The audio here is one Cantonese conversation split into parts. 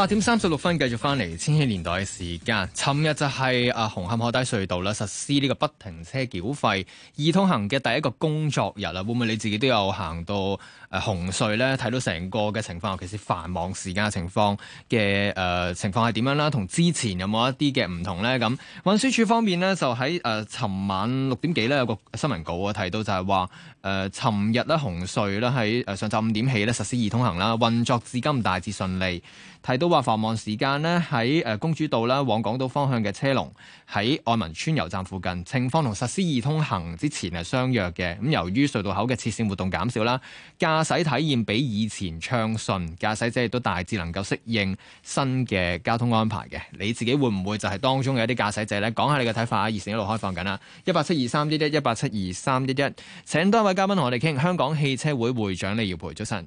八點三十六分繼續翻嚟《千禧年代》嘅時間。尋日就係、是、啊紅磡海底隧道啦，實施呢個不停車繳費易通行嘅第一個工作日啦。會唔會你自己都有行到啊、呃、紅隧呢？睇到成個嘅情況，尤其是繁忙時間嘅情況嘅、呃、情況係點樣啦？同之前有冇一啲嘅唔同呢？咁運輸署方面呢，就喺誒尋晚六點幾呢，有個新聞稿啊，提到就係話誒尋日呢紅隧咧喺上晝五點起呢實施易通行啦，運作至今大致順利，睇到。話繁忙時間咧喺誒公主道啦往港島方向嘅車龍喺愛民村油站附近情況同實施易通行之前係相約嘅。咁由於隧道口嘅切線活動減少啦，駕駛體驗比以前暢順，駕駛者亦都大致能夠適應新嘅交通安排嘅。你自己會唔會就係當中嘅一啲駕駛者呢？講下你嘅睇法啊！熱線一路開放緊啦，一八七二三一一一八七二三一一，請多位嘉賓同我哋傾。香港汽車會會長李耀培早晨。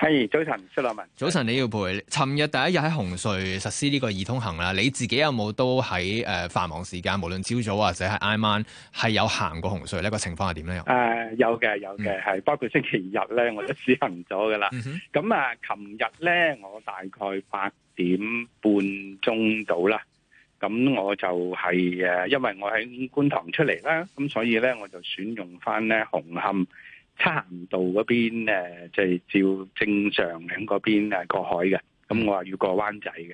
係、hey，早晨，張立文。早晨，李耀培。尋日第一日喺紅隧實施呢個易通行啦，你自己有冇都喺誒繁忙時間，無論朝早或者係晏晚，係有行過紅隧？呢個情況係點咧？又、啊、誒，有嘅，有嘅，係、嗯、包括星期日咧，我都試行咗噶啦。咁、嗯、啊，琴日咧，我大概八點半鐘到啦，咁我就係、是、誒，因為我喺觀塘出嚟啦，咁所以咧，我就選用翻咧紅磡。差咸道嗰邊誒，即係照正常響嗰邊啊過海嘅，咁我話要過灣仔嘅。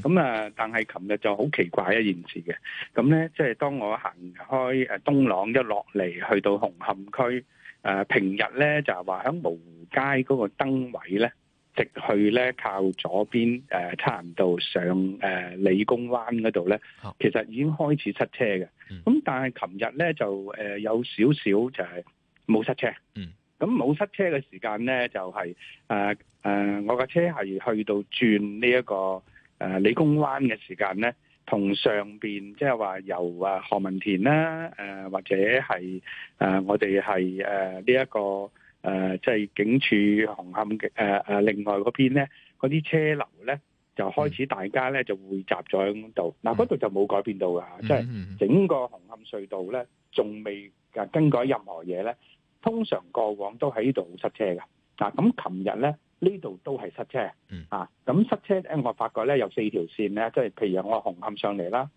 咁啊，但係琴日就好奇怪一件事嘅。咁咧，即係當我行開誒東朗一落嚟，去到紅磡區誒平日咧就係話響蕪湖街嗰個燈位咧，直去咧靠左邊誒漆咸道上誒理工灣嗰度咧，其實已經開始塞車嘅。咁但係琴日咧就誒有少少就係。冇塞車，咁冇塞車嘅時間咧，就係、是呃呃、我架車係去到轉呢一個誒、呃、理工灣嘅時間咧，同上面即係話由啊何文田啦、啊、或者係、呃、我哋係呢一個即係、呃就是、警署紅磡嘅誒另外嗰邊咧，嗰啲車流咧就開始大家咧就匯集咗喺度，嗱，嗰度就冇改變到㗎，即、嗯、係、就是、整個紅磡隧道咧仲未。嘅更改任何嘢咧，通常過往都喺呢度塞車嘅。嗱、啊，咁琴日咧呢度都係塞車。嗯啊，咁塞車咧，我發覺咧有四條線咧，即係譬如我紅磡上嚟啦，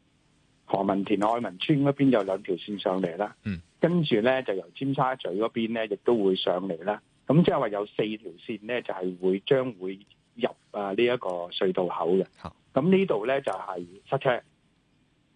何文田愛民村嗰邊有兩條線上嚟啦。嗯，跟住咧就由尖沙咀嗰邊咧亦都會上嚟啦。咁即係話有四條線咧，就係、是、會將會入啊呢一個隧道口嘅。好，咁呢度咧就係、是、塞車。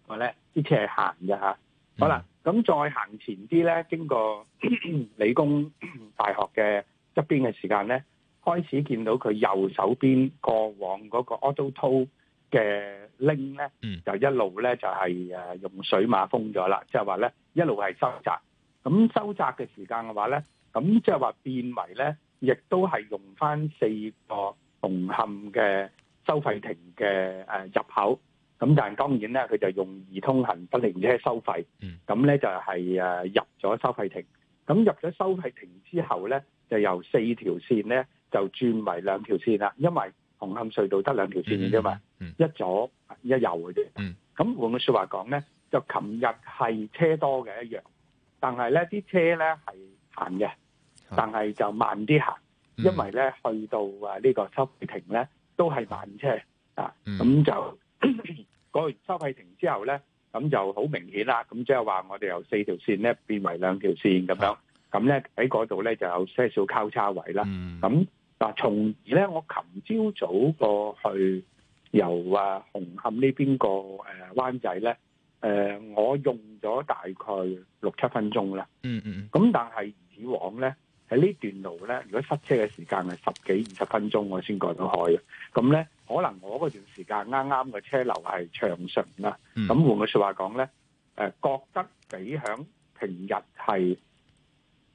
我咧啲車係行嘅嚇。嗯、好啦，咁再行前啲咧，經過 理工大學嘅側邊嘅時間咧，開始見到佢右手邊過往嗰個 Autotoll 嘅 link 咧，就一路咧就係、是、誒用水馬封咗啦，即係話咧一路係收窄。咁收窄嘅時間嘅話咧，咁即係話變為咧，亦都係用翻四個紅磡嘅收費亭嘅誒入口。咁但當然咧，佢就用易通行不停車收費。咁、嗯、咧就係誒入咗收費亭。咁入咗收費亭之後咧，就由四條線咧就轉為兩條線啦。因為紅磡隧道得兩條線嘅啫嘛，一左一右嗰啲。咁、嗯、換句説話講咧，就琴日係車多嘅一樣，但係咧啲車咧係行嘅、啊，但係就慢啲行、嗯，因為咧去到啊呢個收費亭咧都係慢車、嗯、啊，咁就。 過完收費亭之後咧，咁就好明顯啦。咁即係話我哋由四條線咧變為兩條線咁樣。咁咧喺嗰度咧就有些少交叉位啦。咁、嗯、嗱，從而咧我琴朝早過去由啊紅磡呢邊個誒灣仔咧，誒、呃、我用咗大概六七分鐘啦。嗯嗯嗯。咁但係以往咧。喺呢段路咧，如果塞車嘅時間係十幾二十分鐘，我先過到海嘅。咁咧，可能我嗰段時間啱啱嘅車流係暢順啦。咁換句說話講咧，誒、呃，覺得比響平日係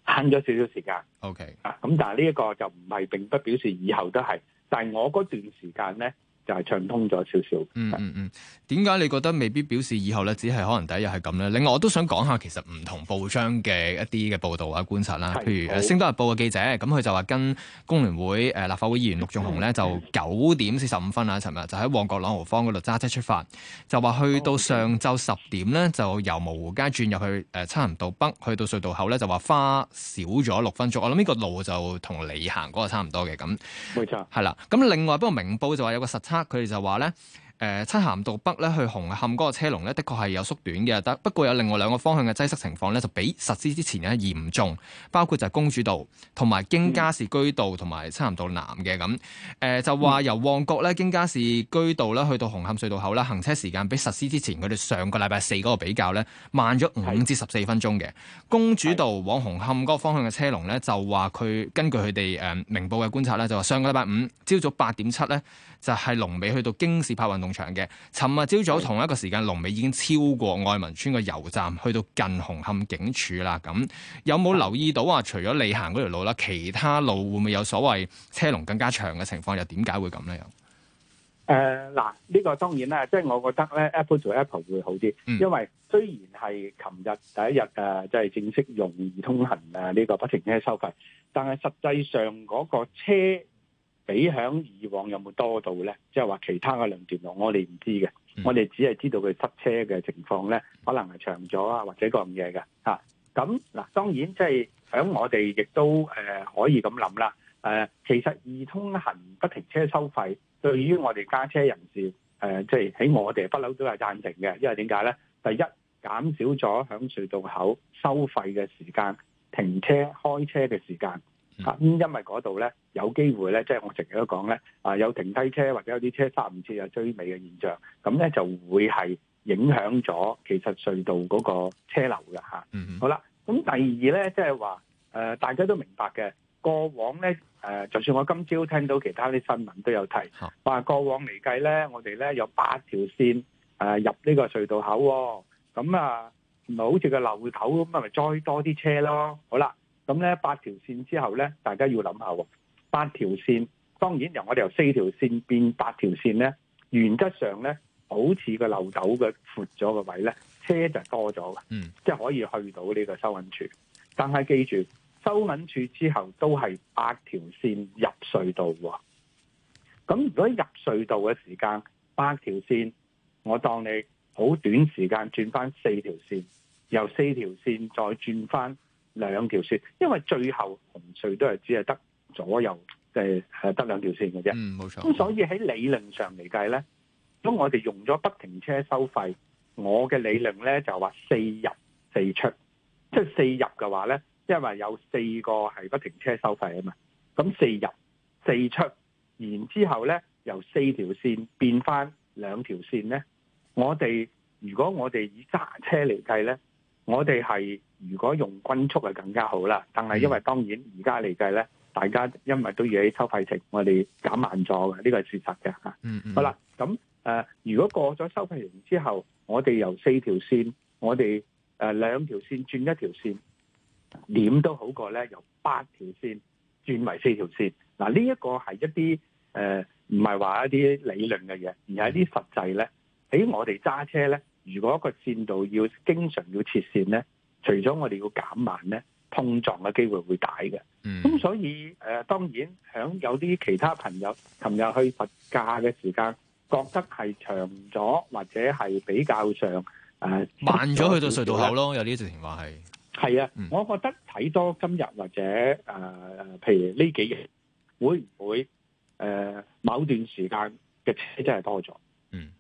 慳咗少少時間。OK 啊，咁但係呢一個就唔係，並不表示以後都係。但係我嗰段時間咧。就係、是、暢通咗少少。嗯嗯嗯，點、嗯、解你覺得未必表示以後咧，只係可能第一日係咁咧？另外，我都想講下其實唔同報章嘅一啲嘅報道啊、觀察啦，譬如《星都日報》嘅記者，咁佢就話跟工聯會誒、呃、立法會議員陸俊雄咧，就九點四十五分啊，尋日就喺旺角朗豪坊嗰度揸車出發，就話去到上晝十點咧，就由模糊街轉入去誒青雲道北，去到隧道口咧，就話花少咗六分鐘。我諗呢個路就同你行嗰個差唔多嘅咁。冇錯。係啦，咁另外不過明報就話有個實測。佢哋就話咧。誒、呃、漆咸道北咧，去紅磡嗰個車龍呢，的確係有縮短嘅，但不過有另外兩個方向嘅擠塞情況咧，就比實施之前咧嚴重，包括就係公主道同埋經加士居道同埋漆咸道南嘅咁。誒、呃、就話由旺角咧經加士居道啦去到紅磡隧道口啦，行車時間比實施之前佢哋上個禮拜四嗰個比較咧慢咗五至十四分鐘嘅。公主道往紅磡嗰個方向嘅車龍咧，就話佢根據佢哋誒明報嘅觀察咧，就話上個禮拜五朝早八點七咧就係、是、龍尾去到京士柏運長嘅，尋日朝早同一個時間，龍尾已經超過愛民村個油站，去到近紅磡警署啦。咁有冇留意到話，除咗你行嗰條路啦，其他路會唔會有所謂車龍更加長嘅情況？又點解會咁咧？又、呃、誒，嗱，呢個當然咧，即、就、係、是、我覺得咧，Apple to Apple 會好啲、嗯，因為雖然係琴日第一日誒、啊，即、就、係、是、正式用易通行啊，呢、這個不停車收費，但係實際上嗰個車。比響以往有冇多到呢？即係話其他嘅兩段路，我哋唔知嘅，我哋只係知道佢塞車嘅情況呢，可能係長咗啊，或者嗰樣嘢嘅吓咁嗱，當然即係響我哋亦都、呃、可以咁諗啦、呃。其實易通行不停車收費對於我哋揸車人士即係喺我哋不嬲都係贊成嘅，因為點解呢？第一減少咗響隧道口收費嘅時間、停車、開車嘅時間。咁、嗯、因為嗰度咧有機會咧，即、就、係、是、我成日都講咧，啊有停低車或者有啲車三五次有追尾嘅現象，咁咧就會係影響咗其實隧道嗰個車流嘅嚇。嗯，嗯。好啦，咁第二咧，即係話誒，大家都明白嘅。過往咧誒、呃，就算我今朝聽到其他啲新聞都有提，話、嗯、過往嚟計咧，我哋咧有八條線誒、呃、入呢個隧道口、哦，咁啊唔係好似個漏頭咁啊，咪載多啲車咯。好啦。咁咧八條線之後咧，大家要諗下喎。八條線當然由我哋由四條線變八條線咧，原則上咧好似個漏斗嘅闊咗個位咧，車就多咗嘅。嗯，即係可以去到呢個收銀處。但係記住收銀處之後都係八條線入隧道喎。咁如果入隧道嘅時間八條線，我當你好短時間轉翻四條線，由四條線再轉翻兩條線，因為最後紅隧都係只係得左右即係，係得兩條線嘅啫。嗯，冇錯。咁所以喺理論上嚟計咧，咁我哋用咗不停車收費，我嘅理論咧就話四入四出，即係四入嘅話咧，因為有四個係不停車收費啊嘛。咁四入四出，然之後咧由四條線變翻兩條線咧，我哋如果我哋以揸車嚟計咧。我哋係如果用均速係更加好啦，但係因為當然而家嚟計咧，大家因為都要喺收費亭，我哋減慢咗嘅，呢個係事實嘅吓。 好啦，咁誒、呃，如果過咗收費亭之後，我哋由四條線，我哋誒兩條線轉一條線，點都好過咧由八條線轉為四條線。嗱、呃，呢一個係、呃、一啲誒唔係話一啲理論嘅嘢，而係一啲實際咧喺我哋揸車咧，如果個線道要經常要切線咧，除咗我哋要減慢咧，碰撞嘅機會會大嘅。嗯，咁所以誒、呃，當然響有啲其他朋友琴日去佛架嘅時間，覺得係長咗或者係比較上、呃、慢咗去到隧道口咯。有啲直情話係係啊、嗯，我覺得睇多今日或者誒、呃，譬如呢幾日會唔會誒、呃、某段時間嘅車真係多咗？嗯，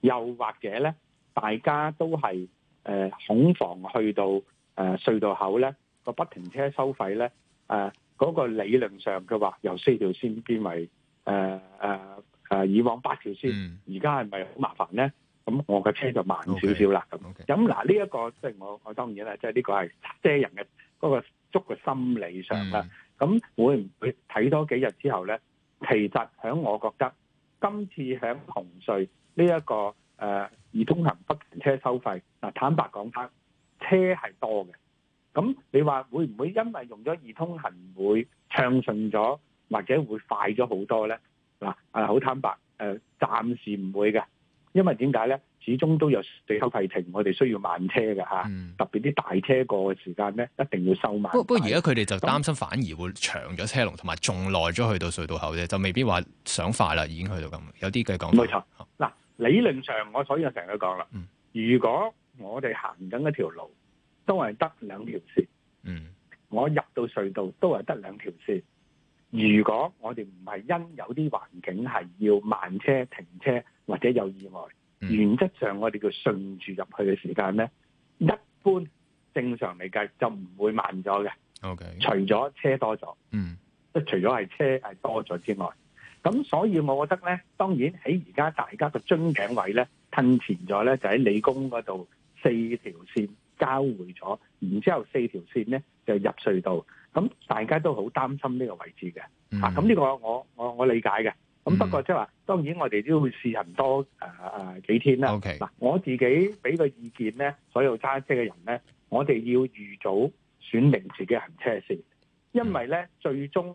又或者咧？大家都係誒、呃、恐防去到誒、呃、隧道口咧，個不停車收費咧誒嗰個理論上嘅話，由四條線變為誒誒誒以往八條線，而家係咪好麻煩咧？咁我嘅車就慢少少啦。咁咁嗱，呢、這、一個即係我我當然啦，即係呢個係遮人嘅嗰、那個足嘅心理上啦。咁、嗯、會唔會睇多幾日之後咧？其實喺我覺得，今次喺紅隧呢一個誒。呃易通行不停車收費嗱，坦白講返，車係多嘅。咁你話會唔會因為用咗易通行會暢順咗，或者會快咗好多咧？嗱，啊好坦白，誒，暫時唔會嘅。因為點解咧？始終都有地收費亭，我哋需要慢車嘅吓。嗯。特別啲大車過嘅時間咧，一定要收慢。不不過而家佢哋就擔心，反而會長咗車龍，同埋仲耐咗去到隧道口啫，就未必話想快啦，已經去到咁，有啲嘅講法。冇錯，嗱。理論上，我所以成日都講啦，如果我哋行緊一條路都係得兩條線，嗯，我入到隧道都係得兩條線。如果我哋唔係因有啲環境係要慢車、停車或者有意外，嗯，原則上我哋叫順住入去嘅時間咧，一般正常嚟計就唔會慢咗嘅。Okay. 除咗車多咗，嗯，即除咗係車係多咗之外。咁所以我覺得咧，當然喺而家大家嘅樽頸位咧，褪前咗咧，就喺理工嗰度四條線交匯咗，然之後四條線咧就入隧道。咁大家都好擔心呢個位置嘅，咁、嗯、呢、啊呢個我我我理解嘅。咁不過即係話，當然我哋都要試行多、呃、幾天啦。嗱、okay，我自己俾個意見咧，所有揸車嘅人咧，我哋要預早選明自己行車線，因為咧、嗯、最終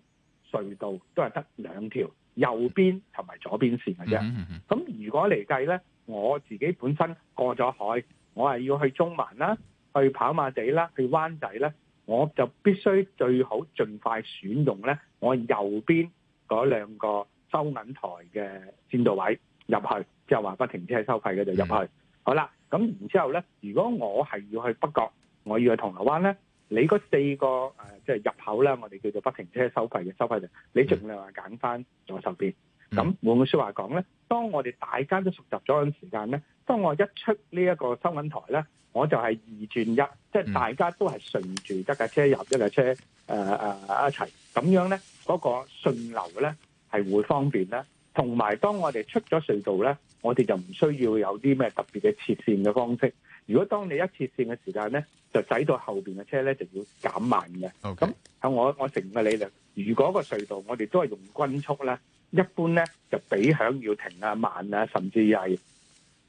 隧道都係得兩條。右邊同埋左邊線嘅啫，咁、嗯嗯嗯、如果嚟計咧，我自己本身過咗海，我係要去中環啦，去跑馬地啦，去灣仔咧，我就必須最好盡快選用咧我右邊嗰兩個收銀台嘅線道位入去，即係話不停車收費嘅就入去。嗯、好啦，咁然之後咧，如果我係要去北角，我要去銅鑼灣咧。你嗰四個誒，即、呃、係、就是、入口咧，我哋叫做不停車收費嘅收費站，你儘量揀翻左手邊。咁、mm. 換句話說話講咧，當我哋大家都熟習咗嗰陣時間咧，當我一出呢一個收銀台咧，我就係二轉一，即、就、係、是、大家都係順住一架車入一架車誒、呃呃、一齊，咁樣咧嗰、那個順流咧係會方便咧。同埋，當我哋出咗隧道咧，我哋就唔需要有啲咩特別嘅切線嘅方式。如果當你一切線嘅時間咧，就使到後面嘅車咧就要減慢嘅。咁、okay. 喺我我成個理論，如果個隧道我哋都係用均速咧，一般咧就比響要停啊慢啊，甚至係、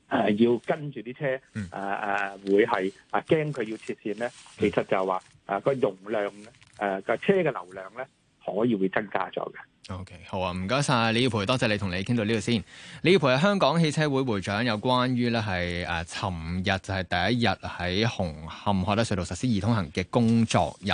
呃、要跟住啲車，誒、mm. 誒、呃、會係啊驚佢要切線咧。其實就係話啊個容量咧誒個車嘅流量咧，可以會增加咗嘅。OK，好啊，唔該晒。李耀培，多謝你同你傾到呢度先。李耀培係香港汽車會會長，有關於咧係誒，尋日就係第一日喺紅磡海底隧道實施易通行嘅工作日。